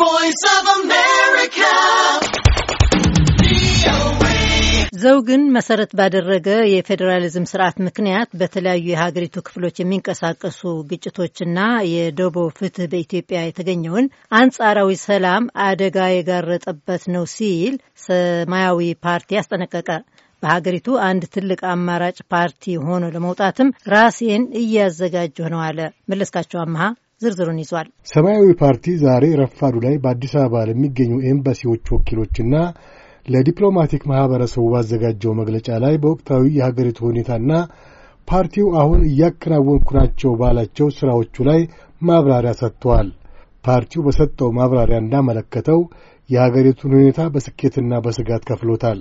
voice of America. ዘውግን መሰረት ባደረገ የፌዴራሊዝም ስርዓት ምክንያት በተለያዩ የሀገሪቱ ክፍሎች የሚንቀሳቀሱ ግጭቶችና የደቦ ፍትህ በኢትዮጵያ የተገኘውን አንጻራዊ ሰላም አደጋ የጋረጠበት ነው ሲል ሰማያዊ ፓርቲ አስጠነቀቀ። በሀገሪቱ አንድ ትልቅ አማራጭ ፓርቲ ሆኖ ለመውጣትም ራሴን እያዘጋጀሁ ነው አለ። መለስካቸው አመሃ ዝርዝሩን ይዟል። ሰማያዊ ፓርቲ ዛሬ ረፋዱ ላይ በአዲስ አበባ ለሚገኙ ኤምባሲዎች ወኪሎችና ለዲፕሎማቲክ ማህበረሰቡ ባዘጋጀው መግለጫ ላይ በወቅታዊ የሀገሪቱ ሁኔታና ፓርቲው አሁን እያከናወንኩ ናቸው ባላቸው ሥራዎቹ ላይ ማብራሪያ ሰጥተዋል። ፓርቲው በሰጠው ማብራሪያ እንዳመለከተው የሀገሪቱን ሁኔታ በስኬትና በስጋት ከፍሎታል።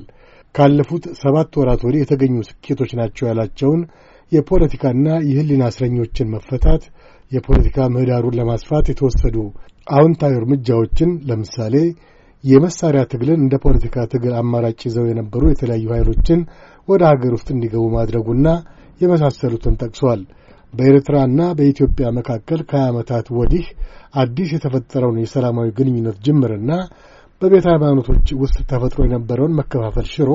ካለፉት ሰባት ወራት ወዲህ የተገኙ ስኬቶች ናቸው ያላቸውን የፖለቲካና የህሊና እስረኞችን መፈታት፣ የፖለቲካ ምህዳሩን ለማስፋት የተወሰዱ አዎንታዊ እርምጃዎችን ለምሳሌ የመሳሪያ ትግልን እንደ ፖለቲካ ትግል አማራጭ ይዘው የነበሩ የተለያዩ ኃይሎችን ወደ ሀገር ውስጥ እንዲገቡ ማድረጉና የመሳሰሉትን ጠቅሷል። በኤርትራና በኢትዮጵያ መካከል ከሀያ ዓመታት ወዲህ አዲስ የተፈጠረውን የሰላማዊ ግንኙነት ጅምርና በቤተ ሃይማኖቶች ውስጥ ተፈጥሮ የነበረውን መከፋፈል ሽሮ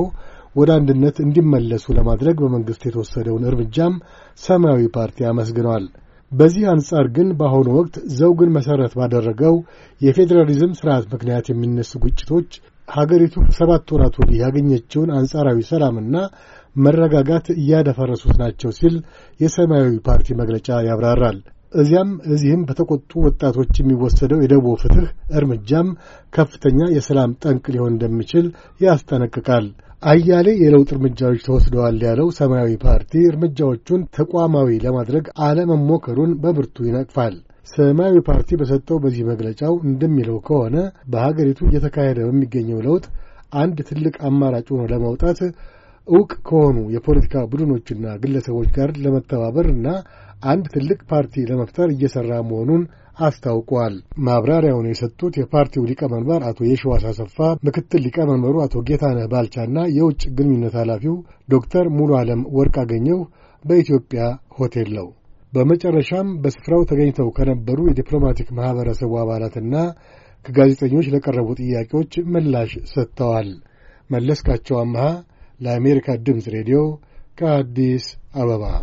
ወደ አንድነት እንዲመለሱ ለማድረግ በመንግሥት የተወሰደውን እርምጃም ሰማያዊ ፓርቲ አመስግኗል። በዚህ አንጻር ግን በአሁኑ ወቅት ዘውግን መሠረት ባደረገው የፌዴራሊዝም ሥርዓት ምክንያት የሚነሱ ግጭቶች ሀገሪቱ ከሰባት ወራት ወዲህ ያገኘችውን አንጻራዊ ሰላምና መረጋጋት እያደፈረሱት ናቸው ሲል የሰማያዊ ፓርቲ መግለጫ ያብራራል። እዚያም እዚህም በተቆጡ ወጣቶች የሚወሰደው የደቦ ፍትሕ እርምጃም ከፍተኛ የሰላም ጠንቅ ሊሆን እንደሚችል ያስጠነቅቃል። አያሌ የለውጥ እርምጃዎች ተወስደዋል ያለው ሰማያዊ ፓርቲ እርምጃዎቹን ተቋማዊ ለማድረግ አለመሞከሩን በብርቱ ይነቅፋል። ሰማያዊ ፓርቲ በሰጠው በዚህ መግለጫው እንደሚለው ከሆነ በሀገሪቱ እየተካሄደ በሚገኘው ለውጥ አንድ ትልቅ አማራጭ ሆኖ ለመውጣት እውቅ ከሆኑ የፖለቲካ ቡድኖችና ግለሰቦች ጋር ለመተባበር እና አንድ ትልቅ ፓርቲ ለመፍጠር እየሠራ መሆኑን አስታውቋል። ማብራሪያውን የሰጡት የፓርቲው ሊቀመንበር አቶ የሸዋስ አሰፋ፣ ምክትል ሊቀመንበሩ አቶ ጌታነህ ባልቻና የውጭ ግንኙነት ኃላፊው ዶክተር ሙሉ ዓለም ወርቅ አገኘው በኢትዮጵያ ሆቴል ነው። በመጨረሻም በስፍራው ተገኝተው ከነበሩ የዲፕሎማቲክ ማኅበረሰቡ አባላትና ከጋዜጠኞች ለቀረቡ ጥያቄዎች ምላሽ ሰጥተዋል። መለስካቸው አመሃ ለአሜሪካ ድምፅ ሬዲዮ ከአዲስ አበባ